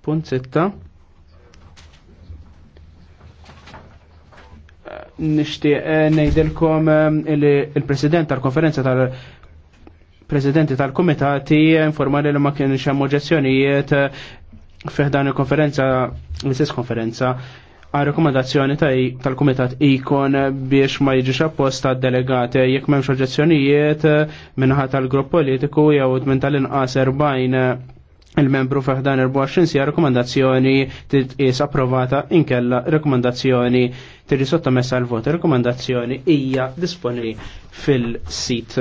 Punt 6. Nishtiq eh, nejdilkom eh, il-president tal-konferenza tal- Presidenti tal-Komitati informali li ma kienx hemm ġessjonijiet eh, fiħdan il-konferenza, l-istess konferenza, għal rekomendazzjoni tal-Kumitat ikon biex ma jiġix apposta delegati jekk m'hemmx oġġezzjonijiet minnaħat tal-grupp politiku jew minn tal-inqas 40 il-membru f'ħdan 24 sija rekomendazzjoni titqis approvata inkella rekomendazzjoni tiri sottomessa għal vot. Rekomendazzjoni hija disponi fil-sit